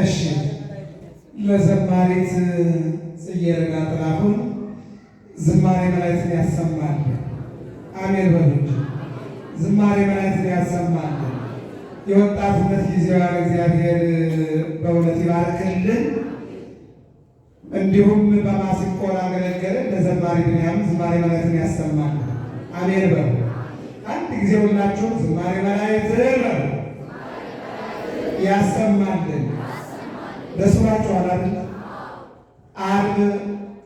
እሺ ለዘማሪት ጽጌ ጥላሁን ዝማሬ መላእክትን ያሰማል። አሜን በሉ። ዝማሬ መላእክትን ያሰማል። የወጣትነት ጊዜዋ እግዚአብሔር በእውነት ይባርክልን። እንዲሁም በማሲንቆ ላገለገለ ለዘማሪ ብንያም ዝማሬ መላእክትን ያሰማል። አሜን በሉ። አንድ ጊዜ ሁላችሁም ዝማሬ መላእክት በሉ በስባችኋል አይደል? አርብ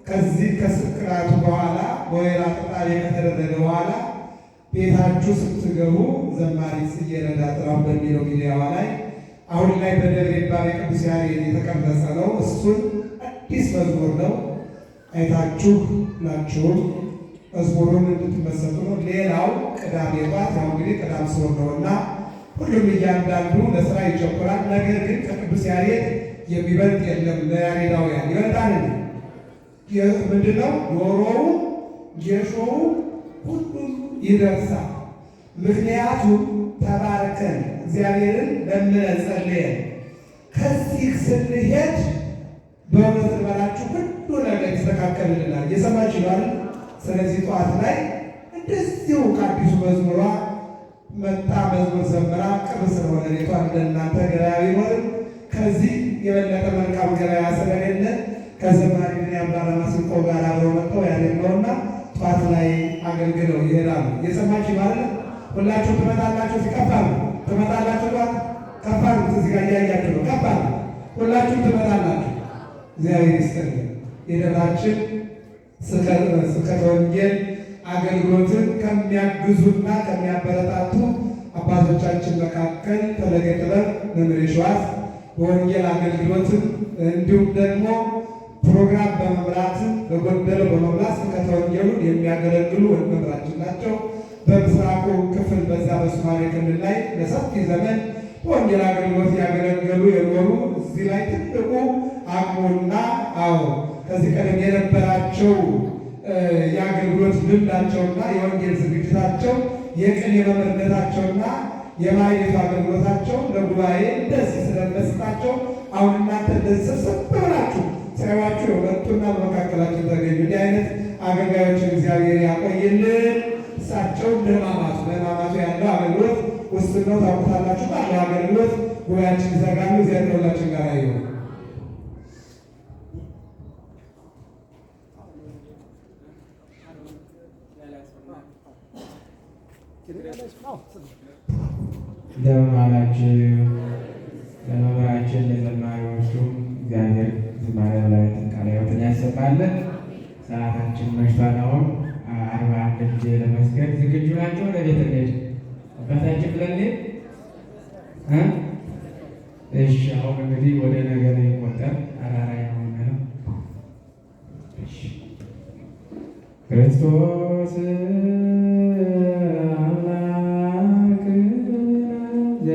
ከዚህ ከስቅራቱ በኋላ በወይራ ቅጣሪ ከተደረገ በኋላ ቤታችሁ ስትገቡ ዘማሪ ጽጌረዳ ጥራው በሚለው ሚዲያዋ ላይ አሁን ላይ በደብረ ይባቤ ቅዱስ ያሬድ የተቀረጸ ነው። እሱን አዲስ መዝሙር ነው። አይታችሁ ናችሁም መዝሙሩን እንድትመሰጡ ነው። ሌላው ቅዳሜ ጧት ያው እንግዲህ ቅዳም ስዑር ነውና ሁሉም እያንዳንዱ ለስራ ይቸኩራል። ነገር ግን ከቅዱስ ያሬድ የሚበልጥ የለም። ለያሬዳውያን ይበልጣል እንዴ? ምንድነው? ዶሮው ጌሾው ሁሉም ይደርሳል። ምክንያቱም ተባርከን እግዚአብሔርን ለምነን ጸልየን ከዚህ ስንሄድ በእውነት ልበላችሁ ሁሉ ነገር ይስተካከልልናል። የሰማችሁ ይሏል። ስለዚህ ጠዋት ላይ እንደዚሁ ከአዲሱ መዝሙሯ መጣ መዝሙር ዘምራ ቅርስ ስለሆነ ሌቷ እንደናንተ ገራቢ ወርም ከዚህ የበለጠ መልካም ገበያ ስለሌለ ከዘማሪ አባ ላመስንቆ ጋር አብረው መጥተው ያደለውና ጠዋት ላይ አገልግለው ይሄዳሉ። የሰማች ማለት ሁላችሁ ትመጣላችሁ። ሲከፋ ነው ትመጣላችሁ። ጠዋት ከፋ ነው። ጋር እያያችሁ ነው። ከፋ ነው። ሁላችሁም ትመጣላችሁ። እግዚአብሔር ይስጥልን። የደራችን ስብከተ ወንጌል አገልግሎትን ከሚያግዙና ከሚያበረታቱ አባቶቻችን መካከል ፈለገ ጥበብ መምህር የሸዋስ በወንጌል አገልግሎት እንዲሁም ደግሞ ፕሮግራም በመምራት በጎደለው በመምራት ስብከተ ወንጌሉን የሚያገለግሉ ወንድሞቻችን ናቸው። በምስራቁ ክፍል በዛ በሶማሌ ክልል ላይ ለሰፊ ዘመን በወንጌል አገልግሎት ያገለገሉ የኖሩ እዚህ ላይ ትልቁ አቅሙና አዎ ከዚህ ቀደም የነበራቸው የአገልግሎት ልምዳቸውና የወንጌል ዝግጅታቸው የቅኔ መምህርነታቸውና የማኅሌቱ አገልግሎታቸውን ለጉባኤ እንደዚህ ስለመስጣቸው አሁን እናንተ እንደዚህ ሰብሰብ ብላችሁ ጸዋችሁ የሁለቱና በመካከላችሁ ተገኙ። እንዲህ አይነት አገልጋዮችን እግዚአብሔር ያቆይልን። እሳቸው ለማማቱ ለማማቱ ያለው አገልግሎት ውስጥ ነው ታውቁታላችሁ። ባለ አገልግሎት ጉባኤያችን ይዘጋሉ። እግዚአብሔር ከሁላችን ጋር ይሁን። Thank እንደምን ለመምህራችን ለዘማሪዎቹ እግዚአብሔር ዝማሬ መላእክትን ቃለ ሕይወትን ሰዓታችን መሽቷል። አሁን አርባ አንድ ጊዜ ለመስገድ ዝግጁ ናቸው። ለቤት አባታችን ብለን እሺ። አሁን እንግዲህ ወደ ነገር ይቆጠር አራራይ ነው ነው ክርስቶስ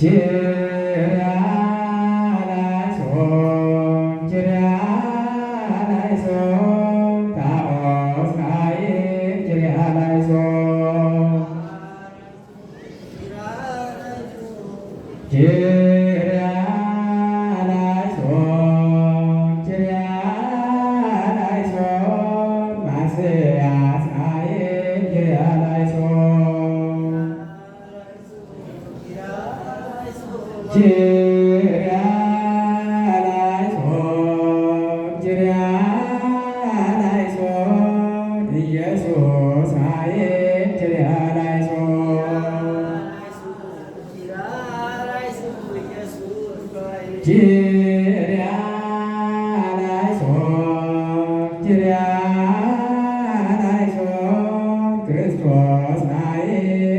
Yeah. ኢየሱስ አየን ትያላይሶ ጅርያላይሶ ጅርያላይሶ ክርስቶስ አየን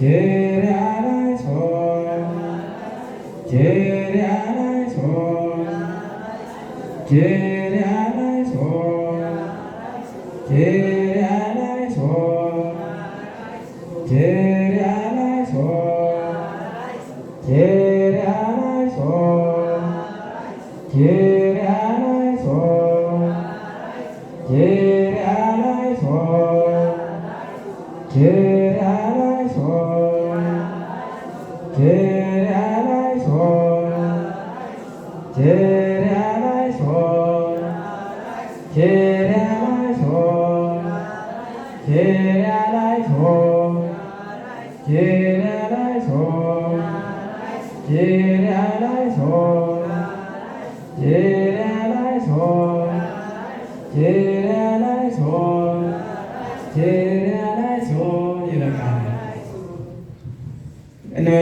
ጌ ጌ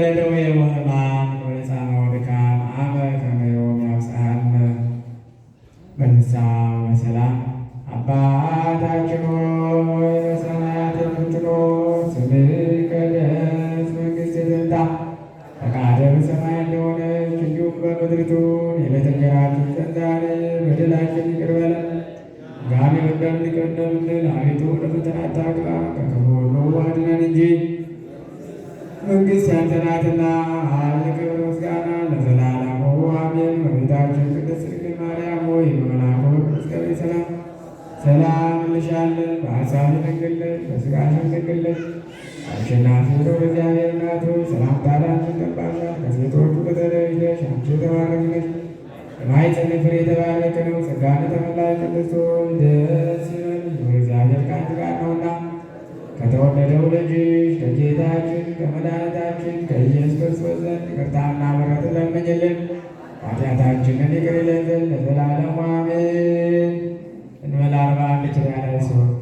ለደዌ ወሕማም ወለጻማ ወድካም አመ ከመ ያብጽሐነ በንስሐ ወሰላም። አባታችን ሆይ በሰማያት የምትኖር ስምህ ይቀደስ፣ መንግሥትህ ትምጣ፣ ፈቃድህ በሰማይ እንደሆነች እንዲሁም በምድር ትሁን። የዕለት እንጀራችንን ስጠን ዛሬ፣ በደላችንን ይቅር በለን እኛም ይቅር እንደምንል፣ አቤቱ ወደ ፈተና አታግባን፣ ከክፉ ሁሉ አድነን እንጂ መንግሥት ያንተ ናትና ኃይል፣ ክብር፣ ምስጋና ለዘላለሙ አሜን። እመቤታችን ቅድስት ድንግል ማርያም ሆይ በመልአኩ መስቀል ሰላም ሰላም እንልሻለን። በሐሳብ ድንግል ነሽ፣ በሥጋሽም ድንግል ነሽ። አሸናፊ ሆይ እግዚአብሔር እናት ሆይ ሰላምታ ላንቺ ይገባሻል። ከሴቶች ሁሉ አንቺ የተባረክሽ የማኅፀንሽ ፍሬ የተባረከ ነው። ጸጋን የተመላሽ ቅድስት ሆይ ደስ ከወለደው ልጅሽ ከጌታችን ከመድኃኒታችን ከኢየሱስ ክርስቶስ ዘንድ ይቅርታና ምሕረትን ለምኝልን ኃጢአታችንን ይቅር ይለን ለዘላለሙ አሜን። እንበል አርባ አንድ ኪዳነ ሲሆን